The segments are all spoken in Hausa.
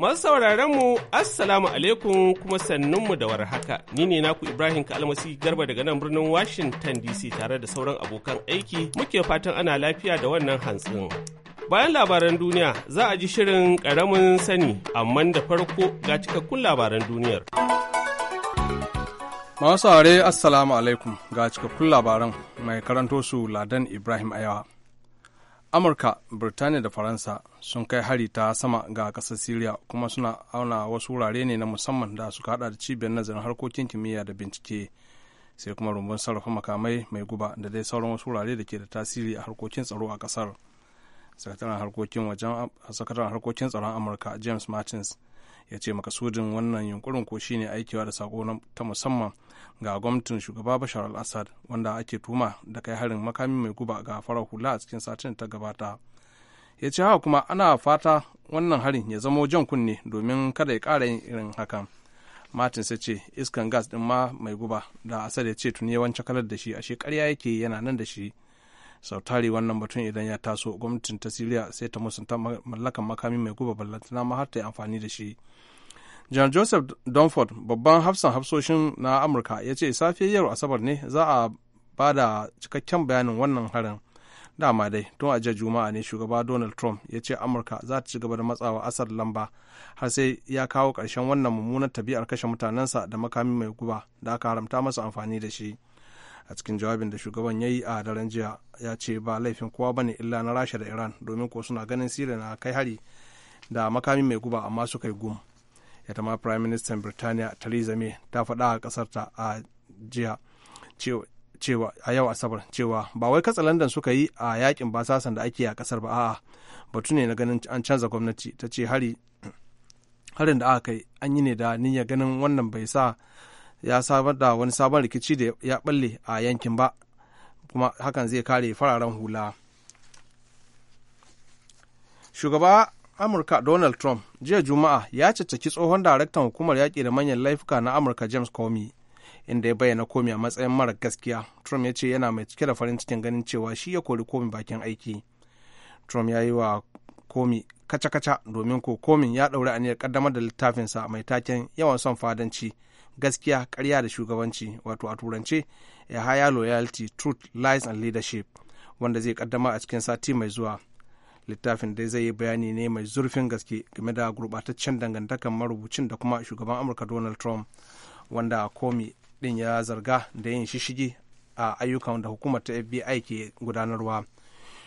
Masu sauraron mu Assalamu alaikum kuma sannunmu da warhaka. Ni ne naku Ibrahim Kalmasi Garba daga nan birnin Washington DC tare da sauran abokan aiki muke fatan ana lafiya da wannan hantsin. Bayan labaran duniya za a ji shirin karamin sani amma da farko ga cikakkun labaran duniyar. Masu saurare Assalamu alaikum ga cikakkun labaran mai karanto su Ladan Ibrahim Ayawa. amurka birtaniya da faransa sun kai hari ta sama ga kasar syria kuma suna auna wasu wurare ne na musamman da suka hada da cibiyar nazarin harkokin kimiyya da bincike sai kuma rumbun sarrafa makamai mai guba da dai sauran wasu wurare da ke da tasiri a harkokin tsaro a kasar sakataren harkokin wajen sakataren harkokin tsaron amurka james martins ya ce makasudin wannan yunkurin ko shine aikewa da sako ta musamman ga gwamnatin shugaba bashar al-assad wanda ake tuma da kai harin makami mai guba ga farar hula a cikin satin ta gabata ya ce haka kuma ana fata wannan harin ya zamo jan kunne domin kada ya kara yin irin hakan martin sai ce iskan gas din ma mai guba da asad ya ce tuni yawanci kalar da shi ashe karya yake yana nan da shi sautari wannan batun idan ya taso gwamnatin ta siriya sai ta musanta mallakan makami mai guba ballantana ma har ta yi amfani da shi jan joseph donford babban hafsan hafsoshin na amurka ya ce safiyar yau asabar ne za a ba da cikakken bayanin wannan harin dama dai tun a jiya juma'a ne shugaba donald trump ya ce amurka za ta ci gaba da matsawa asar lamba har sai ya kawo ƙarshen wannan mummunar tabi'ar kashe mutanensa da makami mai guba da aka haramta masa amfani da shi a cikin jawabin da shugaban ya yi a daren jiya ya ce ba laifin kowa ba ne illa na rasha da iran domin ko suna ganin siriya na kai hari da makami mai guba amma su kai gum ita ma prime minister birtaniya theresa may ta faɗa a ƙasarta a jiya cewa a yau asabar cewa ba wai katsalandan suka yi a yakin basasan da ake a kasar ba a'a batu ne na ganin an canza gwamnati ta ce hari harin da aka kai an yi ne da niyyar ganin wannan bai sa ya samar da wani sabon rikici da ya balle a yankin ba kuma hakan zai kare fararen hula shugaba amurka donald trump jiya juma'a ya caccaki tsohon daraktan hukumar yaƙi da manyan laifuka na amurka james comey inda ya bayyana komi a matsayin mara gaskiya trump ya ce yana mai cike da farin cikin ganin cewa shi ya kori komi bakin aiki trump ya yi wa komi kaca-kaca domin ko komin ya ɗauri aniyar kaddamar da littafinsa mai taken yawan son fadanci gaskiya ƙarya da shugabanci wato a turance ya haya loyalty truth lies and leadership wanda zai kaddama a cikin sati mai zuwa littafin dai zai yi bayani ne mai zurfin gaske game da gurɓataccen dangantakar marubucin da kuma shugaban amurka donald trump wanda komi din ya zarga da yin shishigi a ayyukan da hukumar ta fbi ke gudanarwa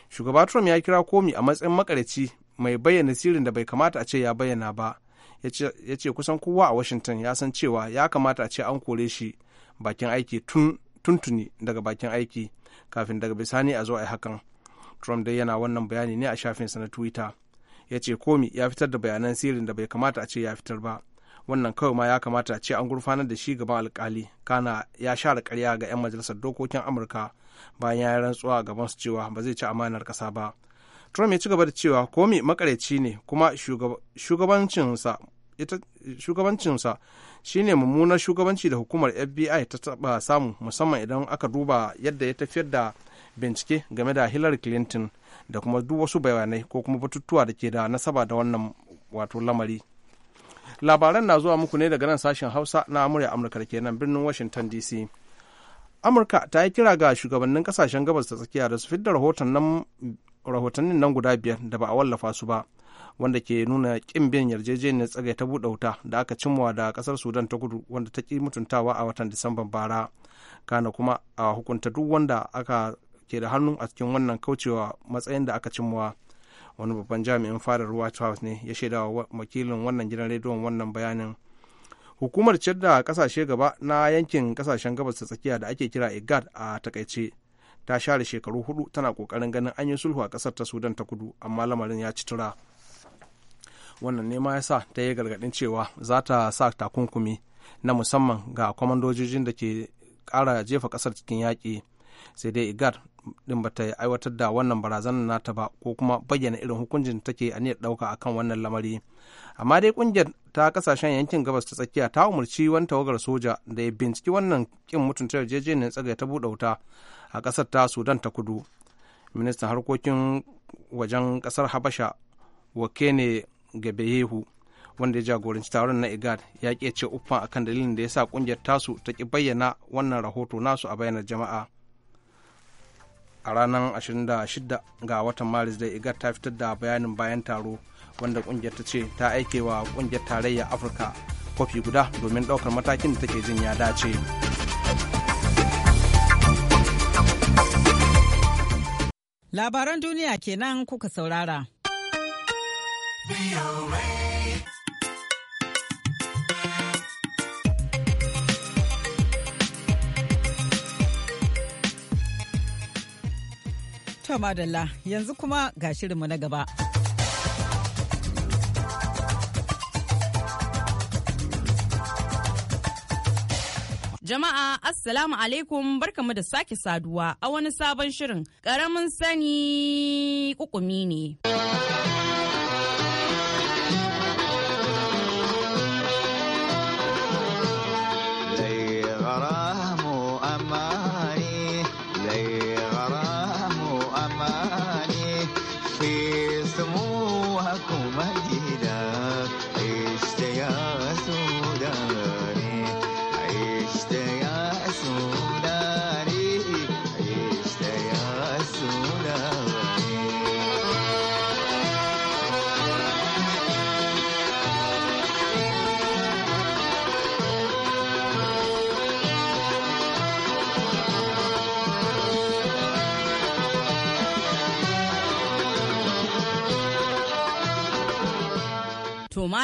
shugaba trump ya kira komi a matsayin makarici mai bayyana sirrin da bai kamata a ce ya bayyana ba ya ce kusan kowa a washington ya san cewa ya kamata a ce an kore shi bakin aiki tun tuntuni daga bakin aiki kafin daga bisani a zo a yi hakan trump dai yana wannan bayani ne a shafinsa na twitter ya ce komi ya fitar da bayanan sirrin da bai kamata a ce ya fitar ba wannan kawai ma ya kamata a ce an gurfanar da shi gaban alkali kana ya share karya ga 'yan majalisar dokokin amurka bayan ya rantsuwa gaban su cewa ba zai ci amanar kasa ba trump ya ci gaba da cewa komi makareci ne kuma shugabancinsa shugabancinsa shine mummunar shugabanci da hukumar fbi ta taba samu musamman idan aka duba yadda ya tafiyar da bincike game da hillary clinton da kuma duk wasu bayanai ko kuma batutuwa da ke da nasaba da wannan wato lamari labaran na zuwa muku ne daga nan sashen hausa na amurya amurka da nan birnin washington dc amurka ta yi kira ga shugabannin kasashen gabas ta tsakiya da su fidda rahotannin nan guda biyar da ba a wallafa su ba wanda ke nuna kin bin yarjejeniyar tsagai ta buɗe wuta da aka cimma da kasar sudan ta kudu wanda ta ki mutuntawa a watan disamban bara kana kuma a hukunta duk wanda aka ke da hannu a cikin wannan kaucewa matsayin da aka cimma wani babban jami'in fadar ruwa house ne ya shaida wa wakilin wannan gidan rediyon wannan bayanin hukumar ciyar da kasashe gaba na yankin kasashen gabas ta tsakiya da ake kira igad a takaice ta share shekaru hudu tana kokarin ganin an yi sulhu a kasar ta sudan ta kudu amma lamarin ya ci tura wannan ne ma ya sa ta yi gargadin cewa za ta sa takunkumi na musamman ga kwamandojojin da ke kara jefa kasar cikin yaƙi sai dai igad din ba ta aiwatar da wannan barazanar nata ba ko kuma bayyana irin hukuncin da take aniyar ɗauka akan wannan lamari amma dai kungiyar ta kasashen yankin gabas ta tsakiya ta umarci wani tawagar soja da ya binciki wannan kin mutunta yarjejeniyar tsagai ta buɗe wuta a ƙasar ta sudan ta kudu ministan harkokin wajen ƙasar habasha wakene gabehehu wanda ya jagoranci taron na igad ya ya ce uffan akan dalilin da ya sa kungiyar tasu ta ƙi bayyana wannan rahoto nasu a bayanar jama'a a ranar 26 ga watan maris da igar ta fitar da bayanin bayan taro wanda kungiyar ta ce ta aike wa kungiyar tarayya afirka kofi guda domin daukar matakin da take jin ya dace labaran duniya kenan kuka saurara. To madalla yanzu kuma ga shirinmu na gaba. Jama'a Assalamu alaikum barkamu da sake saduwa a wani sabon shirin ƙaramin sani kukumi ne.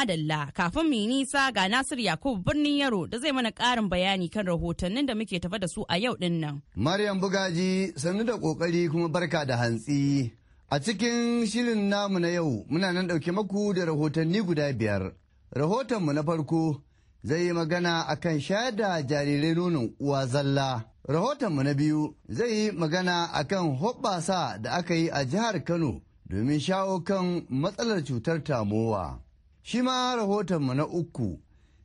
madalla kafin mu yi nisa ga Nasir yakub birnin Yaro da zai mana karin bayani kan rahotannin da muke tafa da su a yau din nan. Maryam Bugaji sannu da kokari kuma barka da hantsi. A cikin shirin namu na yau muna nan ɗauke maku da rahotanni guda biyar. Rahotonmu na farko zai yi magana akan shayar da jarirai nonon uwa zalla. rahoton mu na biyu zai yi magana akan hoɓɓasa da aka yi a jihar Kano domin shawo kan matsalar cutar tamowa. Shi ma rahotonmu na uku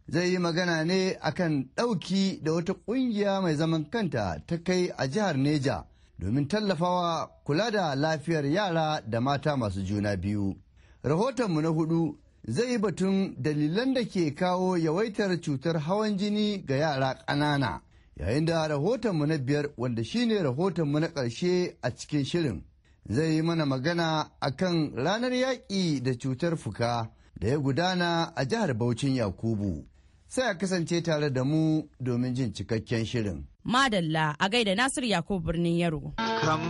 zai yi magana ne akan ɗauki da wata ƙungiya mai zaman kanta ta kai a jihar Neja domin tallafawa kula da lafiyar yara da mata masu juna biyu. Rahotonmu na hudu zai yi batun dalilan da ke kawo yawaitar cutar hawan jini ga yara ƙanana. Yayin da rahotonmu na biyar wanda shine rahotonmu na ƙarshe a cikin shirin zai yi mana magana akan ranar yaƙi da cutar fuka. da ya gudana a jihar Bauchin Yakubu. Sai a kasance tare da mu domin jin cikakken shirin. Madalla a gaida Nasir Yakubu birnin Yaro. Kam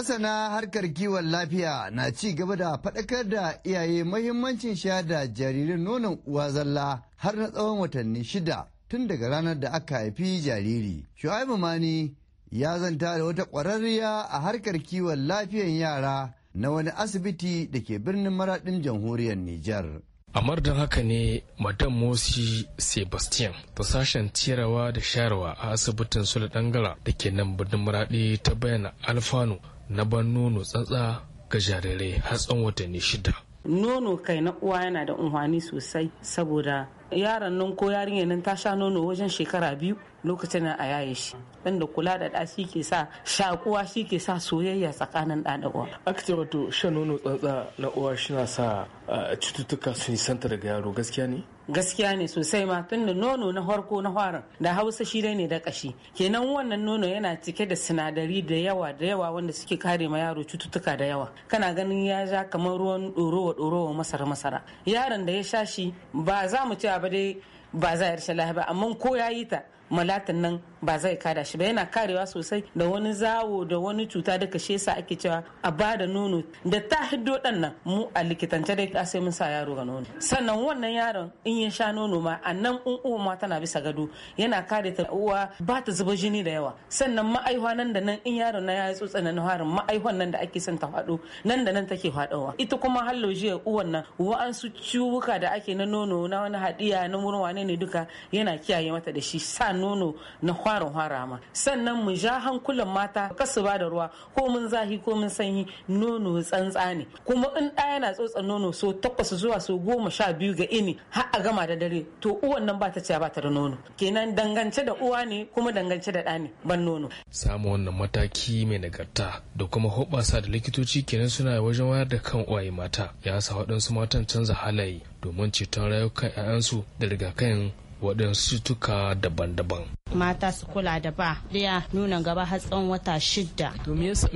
Masana harkar kiwon lafiya na ci gaba da faɗakar da iyaye mahimmancin sha jaririn nonon uwa zalla har na tsawon watanni shida tun daga ranar da aka haifi jariri. Shu'aibu Mani ya zanta da wata ƙwararriya a harkar kiwon lafiyan yara na wani asibiti da ke birnin maraɗin jamhuriyar Nijar. a don haka ne madam mosi sebastian ta sashen ciyarwa da shayarwa a asibitin sula dangara da ke nan birnin muradi ta bayyana alfanu na ban nono tsantsa ga jarirai har tsawon watanni shida nono kai na uwa yana da unhwani sosai saboda yaron nan ko yarinyar nan ta sha nono wajen shekara biyu lokacin da a yaye shi dan da kula da da shi ke sa shakuwa shi ke sa soyayya tsakanin da uwa aka ce wato shan nono tsantsa na uwa shi na sa ah, cututtuka su santa daga yaro gaskiya ne gaskiya ne sosai ma tun da nono na harko na farin da hausa shi dai ne da kashi kenan wannan nono yana cike da sinadari da yawa da yawa wanda suke kare ma yaro cututtuka da yawa kana ganin ya ja kamar ruwan ɗorowa dorowa masara masara yaron da ya sha shi ba za mu ci ba dai ba za a yarshe lahiya ba amma ko ya yi ta malatan nan ba zai kada shi ba yana karewa sosai da wani zawo da wani cuta da kashe sa ake cewa a ba da nono da ta hiddo dan nan mu a likitance dai ka sai mun sa yaro ga nono sannan wannan yaron in ya sha nono ma a nan in uwa ma tana bisa gado yana kare ta uwa ba ta zuba jini da yawa sannan ma'aihwa nan da nan in yaron na ya yi tsotsa na harin ma'aihwan nan da ake son ta faɗo nan da nan take faɗowa ita kuma hallojiyar uwan nan wa'ansu ciwuka da ake na nono na wani haɗiya na wurin wane ne duka yana kiyaye mata da shi sa nono na fara harama ma sannan mu ja hankulan mata kasu ba da ruwa ko mun zahi ko mun sanyi nono tsantsa ne kuma in ɗaya yana tsotsa nono so takwas zuwa so goma sha biyu ga ini har a gama da dare to uwan nan ba ta ciya ba ta da nono kenan dangance da uwa ne kuma dangance da ɗa ne ban nono. samu wannan mataki mai nagarta da kuma hoɓasa da likitoci kenan suna wajen wayar da kan uwaye mata ya sa waɗansu matan canza halaye domin ceton rayukan 'ya'yansu da rigakafin waɗansu cutuka daban-daban. mata su kula da ba ya nuna gaba har tsawon wata shidda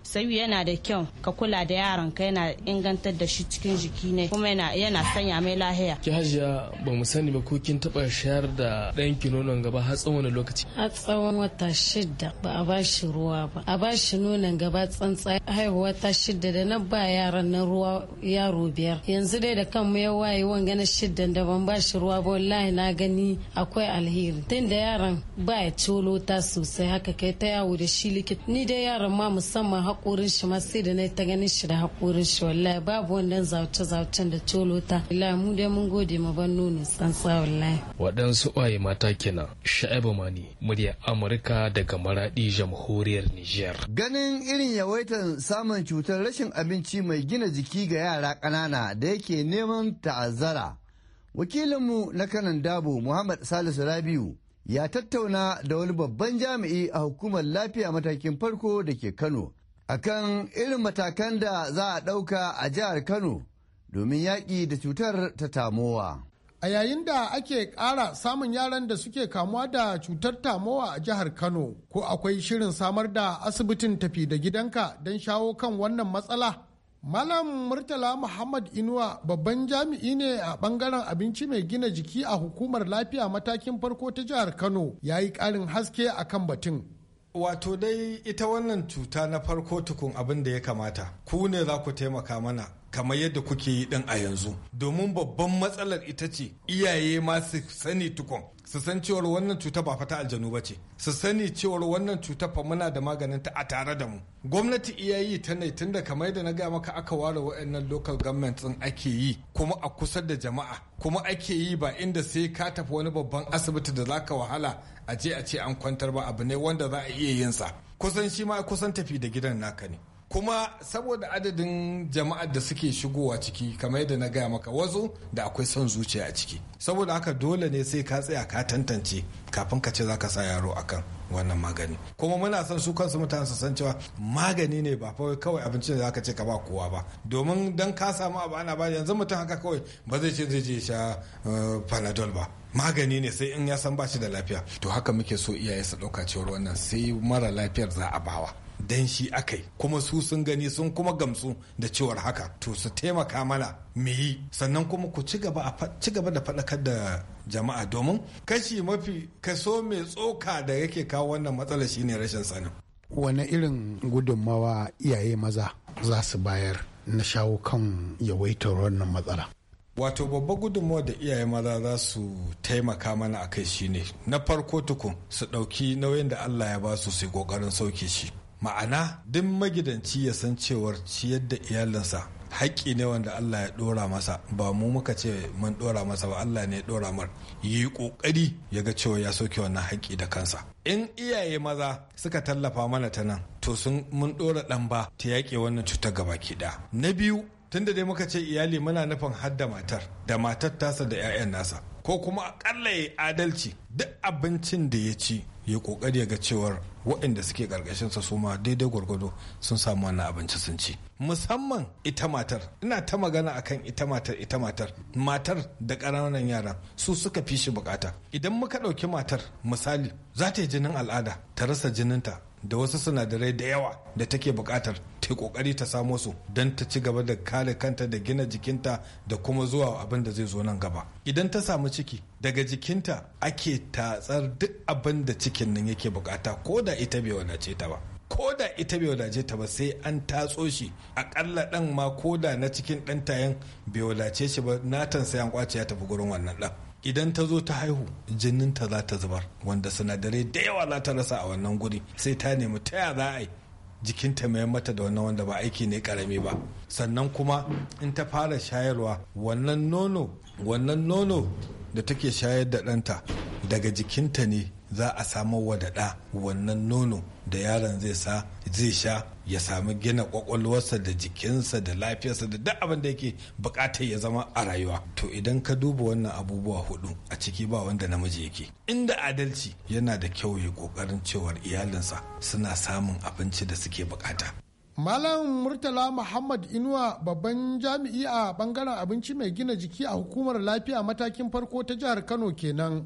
sai yana da kyau ka kula da yaron ka yana ingantar da shi cikin jiki ne kuma yana sanya mai lahiya ki hajiya ba mu sani ba ko kin taba shayar da danki ki nonon gaba har tsawon wani lokaci har tsawon wata shidda ba a ba shi ruwa ba a ba shi nonon gaba tsantsa haihuwa ta shidda da na ba yaran na ruwa yaro biyar yanzu dai da kanmu ya waye wanga na shiddan da ban ba shi ruwa ba wallahi na gani akwai alheri Tun da yaran ba ya colota sosai haka kai ta yawo da shi likit ni dai yaron ma musamman haƙorin shi ma sai da na ta ganin shi da haƙorin shi wallahi babu wannan zauce-zaucen da colota wallahi mu dai mun gode ma ban nono tsantsa wallahi waɗansu ƙwaye mata kenan sha'ibu mani murya amurka daga maraɗi jamhuriyar niger ganin irin yawaitar samun cutar rashin abinci mai gina jiki ga yara ƙanana da yake neman ta'azzara wakilinmu na kanan dabo muhammad salisu rabiu ya tattauna da wani babban jami'i a hukumar lafiya matakin farko da ke Kano akan irin matakan da za a ɗauka a jihar Kano domin yaƙi da cutar ta tamowa. A yayin da ake ƙara samun yaran da suke kamuwa da cutar tamowa a jihar Kano, ko akwai shirin samar da asibitin tafi da gidanka don shawo kan wannan matsala? Malam Murtala Muhammad Inuwa babban jami'i ne a bangaren abinci mai gina jiki a hukumar lafiya matakin farko ta jihar Kano ya yi ƙarin haske a kan batun. Wato dai ita wannan cuta na farko tukun abin da ya kamata, ku ne za ku taimaka mana kamar yadda kuke yi din a yanzu domin babban matsalar ita ce iyaye ma su sani tukun su san cewar wannan cuta ba fata aljanu ba ce su sani cewar wannan cuta fa muna da maganin ta a tare da mu gwamnati iyayi ta ne tunda kamar da na ga maka aka ware wa'annan local government din ake yi kuma a kusa da jama'a kuma ake yi ba inda sai ka tafi wani babban asibiti da zaka wahala a je a ce an kwantar ba abu ne wanda za a iya yin sa kusan shi ma kusan tafi da gidan naka ne kuma saboda adadin jama'ar da suke shigowa ciki kamar yadda na gaya maka wazo da akwai son zuciya a ciki saboda haka dole ne sai ka tsaya ka tantance kafin ka ce za ka sa yaro akan wannan magani kuma muna son su kansu mutane su san cewa magani ne ba fa kawai abinci ne za ka ce ka ba kowa ba domin dan ka samu abu ana ba yanzu mutum haka kawai ba zai ce zai je sha eh, panadol ba magani ne sai in ya san ba shi da lafiya to haka muke so iyaye su dauka cewar wannan sai mara lafiyar za a bawa dan shi akai kuma su sun gani sun kuma gamsu da cewar haka to su taimaka mana mu yi sannan kuma ku ci gaba da faɗakar da jama'a domin kashi mafi kaso mai tsoka da yake kawo wannan matsala shine rashin sanin wani irin gudunmawa iyaye maza za su bayar na shawo kan yawaitar wannan matsala wato babba gudunmawa da iyaye maza za su taimaka mana akai shine na farko tukun su ɗauki nauyin da allah ya ba su su yi ƙoƙarin sauke shi ma'ana duk magidanci ya san cewar ciyar da iyalinsa haƙƙi ne wanda Allah ya ɗora masa ba mu muka ce mun ɗora masa ba Allah ne ya ɗora mar yi ƙoƙari ya ga cewa ya soke wannan haƙƙi da kansa in iyaye maza suka tallafa mana ta nan to sun mun ɗora ɗan ba ta yaƙe wannan cutar gaba ki na biyu tunda dai muka ce iyali muna nufin hadda matar da matar tasa da 'ya'yan nasa ko kuma aƙalla ya adalci duk abincin da ya ci ya kokari ya ga cewar waɗanda suke karkashin sa su ma daidai gwargwado sun samu wannan abinci sun ci musamman ita matar ina ta magana akan ita matar ita matar matar da ƙananan yara su suka fi shi bukata idan muka ɗauki matar misali za ta yi jinin al'ada ta rasa jininta da wasu sinadarai da yawa da take buƙatar ta yi ƙoƙari ta samo su don ta ci gaba da kare kanta da gina jikinta da kuma zuwa abin da zai zo nan gaba idan ta samu ciki daga jikinta ake tatsar duk abin da cikin nan yake bukata ko da ita bai wadace ta ba ko da ita bai wadace ta ba sai an tatso shi akalla ɗan ma ko da na cikin dan tayan bai wadace shi ba natan sai an kwace ya tafi gurin wannan dan idan ta zo ta haihu jininta za ta zubar wanda sinadarai da yawa za ta rasa a wannan guri sai ta nemi ta ya za a yi jikinta mai mata da wannan wanda ba aiki ne karami ba sannan kuma in ta fara shayarwa wannan nono wannan nono da take shayar da ɗanta daga jikinta ne za a samar wa da wannan nono da yaron zai sa zai sha ya sami gina kwakwalwarsa da jikinsa da lafiyarsa da duk abin da yake bukata ya zama a rayuwa to idan ka duba wannan abubuwa hudu a ciki ba wanda namiji yake inda adalci yana da kyau ya kokarin cewar iyalinsa suna samun abinci da suke bukata Malam Murtala Muhammad Inuwa babban jami'i a bangaren abinci mai gina jiki a hukumar lafiya matakin farko ta jihar Kano kenan.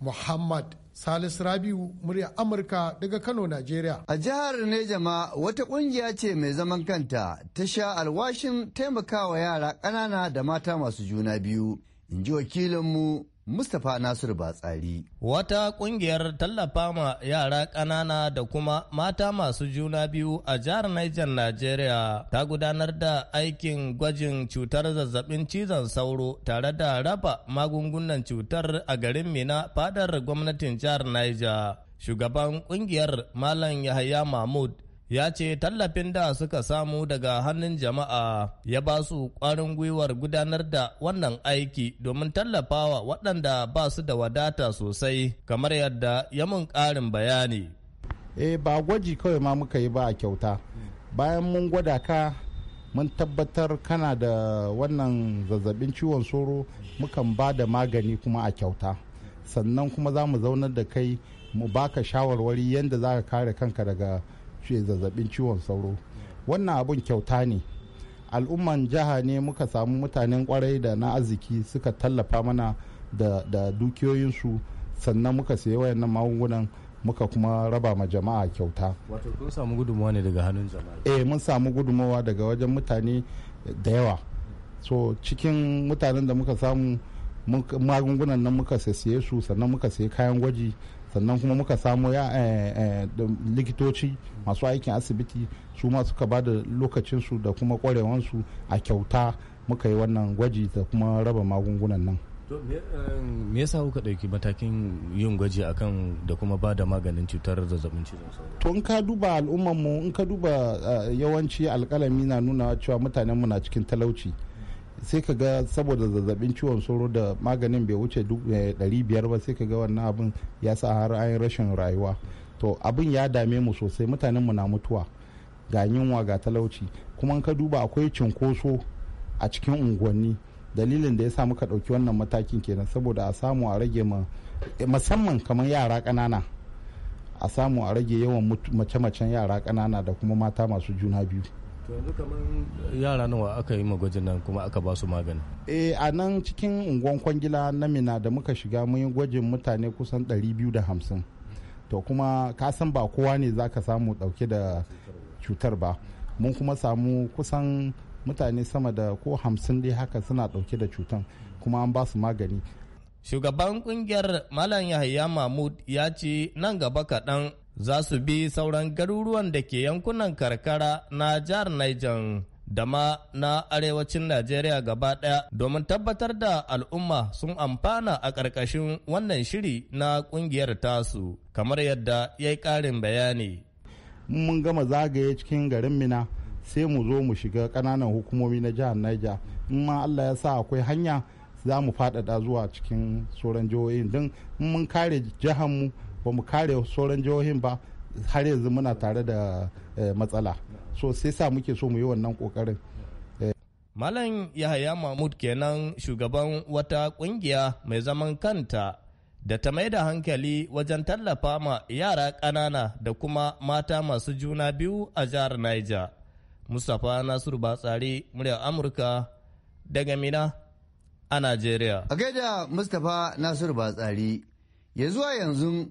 Muhammad salis Rabiu murya Amurka daga Kano, Najeriya. A jihar Nejama wata kungiya ce mai zaman kanta ta sha alwashin taimakawa yara ƙanana da mata masu juna biyu. In ji wakilinmu Mustapha Nasiru Batsari. Wata ƙungiyar tallafa ma yara ƙanana da kuma mata masu juna biyu a jihar Niger Najeriya ta gudanar da aikin gwajin cutar zazzabin cizon sauro tare da raba magungunan cutar a garin Mina fadar gwamnatin jihar Niger. Shugaban ƙungiyar Malam Yahaya Mahmud ya ce tallafin da suka samu daga hannun jama'a ya ba su ƙwarin gwiwar gudanar da wannan aiki domin tallafawa waɗanda ba su da wadata sosai kamar yadda ya mun ƙarin bayani. E ba gwaji kawai ma muka yi ba a kyauta bayan mun gwada ka mun tabbatar kana da wannan zazzabin ciwon soro mukan ba da magani kuma a kyauta sannan kuma za mu zaunar da kai mu baka shawarwari yadda za ka kare kanka daga ce zazzabin ciwon sauro wannan abun kyauta ne al'umman jiha ne muka samu mutanen kwarai da na arziki suka tallafa mana da, da dukiyoyinsu sannan muka sayi wayannan magungunan muka kuma raba ma jama'a kyauta wato kun samu gudunmawa ne daga hannun jama'a eh mun samu gudunmawa daga wajen mutane da yawa so cikin mutanen da muka samu magungunan nan muka saye su sannan muka sayi kayan gwaji sannan kuma muka samo ya eh, eh, likitoci masu aikin asibiti su ma suka ba da lokacinsu da kuma kwarewansu a kyauta muka yi wannan gwaji da kuma raba magungunan nan eh, me yasa kuka ɗauki matakin yin gwaji akan da kuma ba da maganin cutar zazzabin cizon sauro to in ka duba al'ummarmu in ka duba yawanci alkalami na nuna cewa mutanenmu na cikin talauci sai ka ga saboda zazzabin ciwon sauro da maganin bai wuce eh, biyar ba sai ka ga wannan abin ya sa har an rashin rayuwa to abin ya dame mu sosai mutanen mu na mutuwa ga yunwa ga talauci kuma ka duba akwai cinkoso a cikin unguwanni dalilin da ya sa muka ɗauki wannan matakin kenan saboda a samu a rage eh, musamman kamar yara ƙanana a samu a rage yawan mace-macen yara ƙanana da kuma mata masu juna biyu yanzu kamar eh, yara nawa aka yi magwajin nan kuma aka ba su magani e a nan cikin unguwan kwangila na mina da muka shiga mun yi gwajin mutane kusan 250 to kuma ka san ba kowa ne za ka samu dauke da cutar ba mun kuma samu kusan mutane sama da ko hamsin dai haka suna dauke da cutan kuma an ba su magani shugaban kungiyar malam yahaya mahmud ya ce nan gaba kaɗan za su bi sauran garuruwan da ke yankunan karkara na jihar Niger. da ma na arewacin Najeriya gaba ɗaya domin tabbatar da al'umma sun amfana a ƙarƙashin wannan shiri na ƙungiyar tasu kamar yadda ya yi ƙarin bayani. Mun gama zagaye cikin garin Mina sai mu zo mu shiga ƙananan hukumomi na jihar Niger in ma Allah ya sa akwai hanya za mu faɗaɗa zuwa cikin sauran jihohin don mun kare jihar mu ba mu kare sauran jihohin ba har yanzu muna tare da eh, matsala so sai sa muke so mu yi wannan kokarin malam yahaya mahmud kenan shugaban wata kungiya mai zaman kanta da ta mai da hankali wajen tallafa ma yara ƙanana da kuma mata masu juna biyu a jihar niger mustapha nasiru batsari muryar amurka daga mina a nigeria a gaida mustapha nasiru batsari ya zuwa yanzu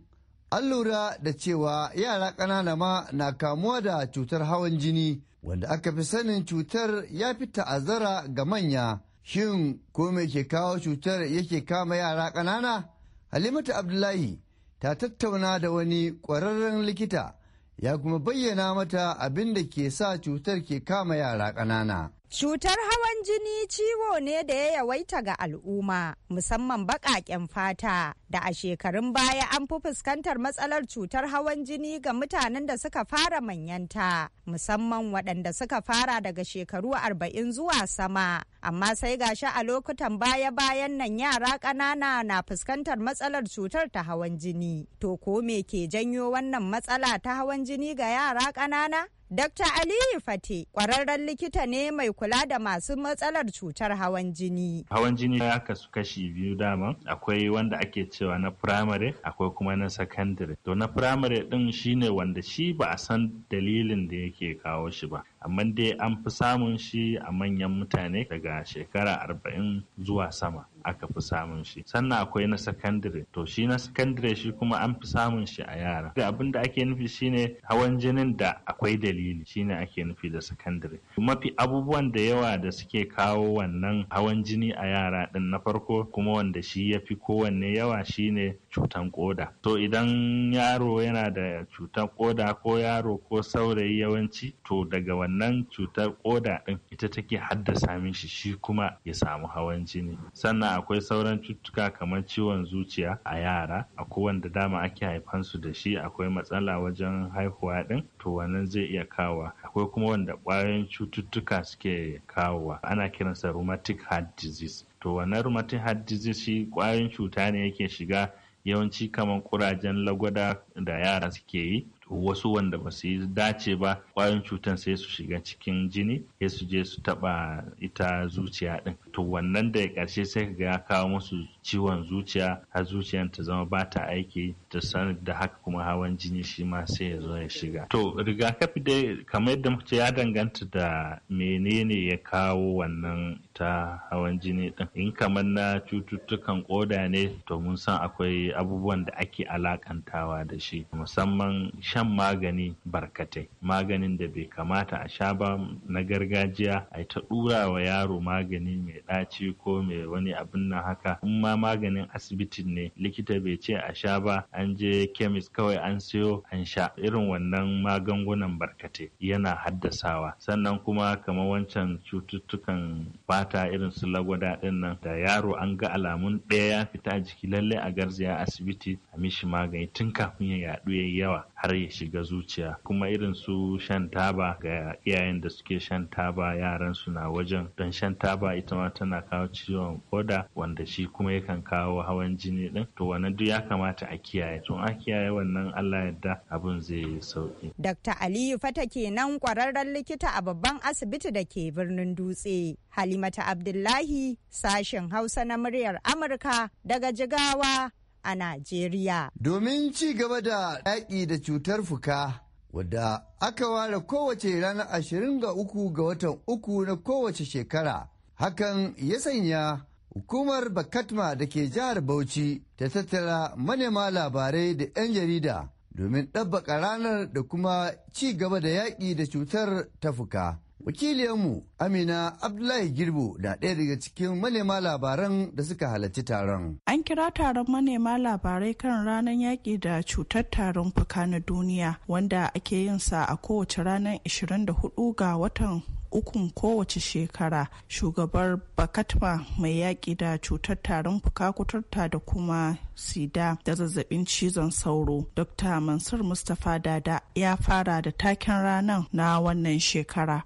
an lura da cewa yara ƙanana ma na kamuwa da cutar hawan jini wanda aka fi sanin cutar ya fi ta'azzara ga manya shin ko me ke kawo cutar yake kama yara ƙanana halimatu abdullahi ta tattauna da wani ƙwararren likita ya kuma bayyana mata abin da ke sa cutar ke kama yara ƙanana Cutar hawan jini ciwo ne da ya yawaita ga al'umma musamman baƙaƙen fata da a shekarun baya an fi fuskantar matsalar cutar hawan jini ga mutanen da suka fara manyanta musamman waɗanda suka fara daga shekaru arba'in zuwa sama amma sai gashi a lokutan baya-bayan nan yara ƙanana na fuskantar matsalar cutar ta hawan jini. To ko me ke janyo wannan matsala ta hawan jini ga yara ƙanana? Dr. Aliyu Fate ƙwararren likita ne mai kula da masu matsalar cutar hawan jini. Hawan jini ya kasu kashi biyu dama, akwai wanda ake cewa na firamare, akwai kuma na sakandare. To na firamare ɗin shine wanda shi ba a san dalilin da yake kawo shi ba. amma dai an fi samun shi a manyan mutane daga shekara arba'in zuwa sama aka fi samun shi sannan akwai na sakandare to shi na sakandare shi kuma an fi samun shi a yara da abin da ake nufi shine hawan jinin da akwai dalili shine ake nufi da sakandare mafi abubuwan da yawa da suke kawo wannan hawan jini a yara din na farko kuma wanda shi ya fi kowanne yawa shine cutan koda to idan yaro yana da cutan koda ko yaro ko saurayi yawanci to daga wannan cutar koda din ita take haddasa mishi shi kuma ya samu hawan jini sannan akwai sauran cututtuka kamar ciwon zuciya a yara akwai wanda dama ake haifansu da shi akwai matsala wajen haihuwa din to wannan zai iya kawa akwai kuma wanda ƙwayoyin cututtuka suke kawowa ana kiransa rheumatic heart disease to wannan rheumatic heart disease shi ƙwayoyin cuta ne yake shiga yawanci kamar kurajen lagwada da yara suke yi wasu wanda ba su yi dace ba kwayoyin cutan sai su shiga cikin jini sai su je su taba ita zuciya din to wannan da ya karshe sai ka ga ya kawo musu ciwon zuciya har zuciyar ta zama ba ta aiki ta san da haka kuma hawan jini shi ma sai ya zo ya shiga to rigakafi dai kamar yadda muka ce ya danganta da menene ya kawo wannan ta hawan jini din in kamar na cututtukan koda ne to mun san akwai abubuwan da ake alakantawa da shi musamman shan magani barkatai maganin da bai kamata a sha ba na gargajiya a ta ɗura wa yaro magani mai ɗaci ko mai wani abin nan haka in ma maganin asibitin ne likita bai ce a sha ba an je kemis kawai an siyo an sha irin wannan magungunan barkate yana haddasawa sannan kuma kamar wancan cututtukan fata irin su lagwada ɗin nan da yaro an ga alamun ɗaya ya fita a jiki lallai a garzaya asibiti a mishi magani tun kafin ya yaɗu ya yawa har ya shiga zuciya kuma irin su shan taba ga iyayen da suke shan taba yaran su na wajen don shan taba ita ma tana kawo ciwon koda wanda shi kuma yakan kawo hawan jini din to wannan duk ya kamata a kiyaye to a kiyaye wannan Allah yadda abun zai yi sauki Dr. Aliyu Fata kenan kwararren likita a babban asibiti da ke birnin Dutse Halimata Abdullahi sashen Hausa na muryar Amurka daga Jigawa a Najeriya. Domin ci gaba da yaƙi da cutar fuka wadda aka ware kowace ranar ashirin ga uku ga watan uku na kowace shekara. Hakan ya sanya hukumar Bakatma da ke jihar Bauchi ta tattara manema labarai da 'yan jarida domin ɗabbaka ranar da kuma ci gaba da yaƙi da cutar ta fuka. wakiliyanmu Amina Abdullahi Girbo na ɗaya daga cikin manema labaran da suka halarci taron. An kira taron manema labarai kan ranar yaƙi da cutar tarin fuka na duniya wanda ake yin sa a kowace ranar 24 ga watan ukun kowace shekara shugabar bakatma mai yaƙi da cutar tarin fuka kuturta da kuma sida da zazzabin cizon sauro dr mansur mustapha dada ya fara da taken ranar na wannan shekara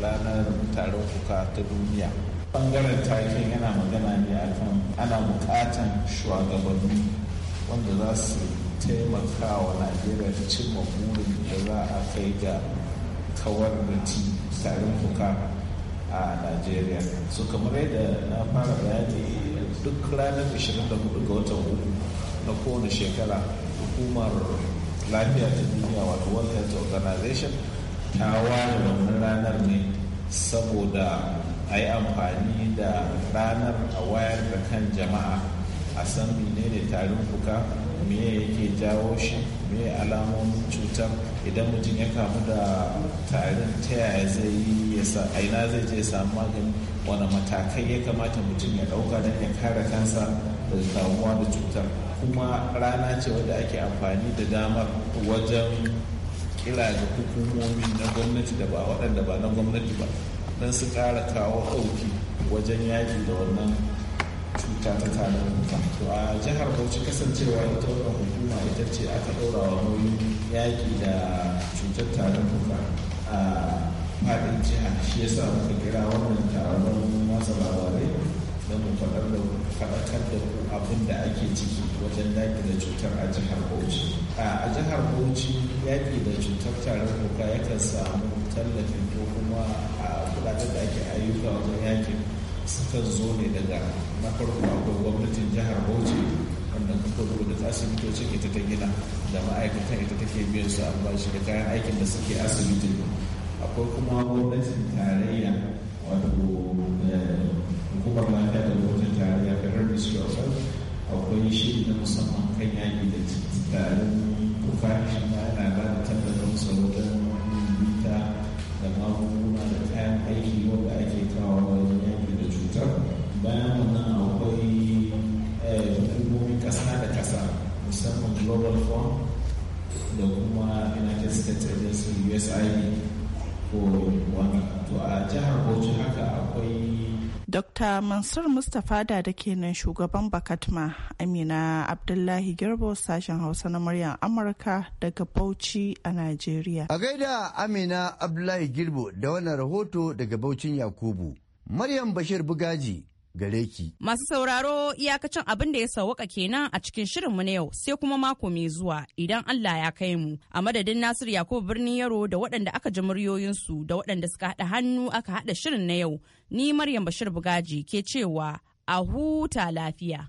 ranar tarin fuka ta duniya bangaren taken yana magana ne akan ana bukatan shugabanni wanda za su taimaka wa najeriya cimma burin da za a kai ga kawar da ci tarin fuka a najeriya so kamar yadda na fara bayani duk ranar 24 ga watan hudu na kowane shekara hukumar lafiya ta duniya wato world health organization ta ware wannan ranar ne saboda a yi amfani da ranar a wayar da kan jama'a a san menene tarin fuka me yake jawo shi me alamomin cutar idan mutum ya kamu da tarin ta yaya zai yi a ina zai je samu magani wani matakai ya kamata mutum ya dauka don ya kare kansa daga kamuwa da cutar kuma rana ce wadda ake amfani da damar wajen kira da hukumomi na gwamnati da ba waɗanda ba na gwamnati ba don su kara kawo ɗauki wajen yaki da wannan ta ta tare da to a jihar bauchi kasancewa ya wannan hukuma ita ce aka ɗora wa nauyin yaƙi da cutar tarin fuka a faɗin jiha shi ya sa muka kira wannan taron masa labarai don mu faɗar da faɗakar da ku abin da ake ciki wajen yaƙi da cutar a jihar bauchi a jihar bauchi yaƙi da cutar tarin fuka yakan samu tallafin ko kuma a kuɗaɗen da ake ayyuka wajen yaƙin sukan zo ne daga na farko akwai gwamnatin jihar bauchi wannan kafar gwamnatin asibitocin ita ta gina da ma'aikatan ita take biyan su bashi da kayan aikin da suke asibitin akwai kuma gwamnatin tarayya wato eh, hukumar lafiya da gwamnatin tarayya federal ministry of health akwai shiri na musamman kan yaki da tarin kuka shi ma yana ba da tallafin sauran da magunguna da kayan aiki wanda ake kawo Dr. Mansur Mustapha da da kenan shugaban Bakatma Amina Abdullahi Girbo sashen Hausa na muryar Amurka daga Bauchi a Najeriya. A gaida Amina Abdullahi Girbo da wannan rahoto daga Bauchin Yakubu. Maryam Bashir Bugaji gare ki. Masu sauraro iyakacin abin da ya sauwaka kenan a cikin shirinmu na yau sai kuma mako mai zuwa idan Allah ya kai mu. A madadin Nasiru Yakubu birnin Yaro da waɗanda aka ji muryoyinsu da waɗanda suka haɗa hannu aka haɗa shirin na yau. Ni Maryam Bashir Bugaji ke cewa a huta lafiya.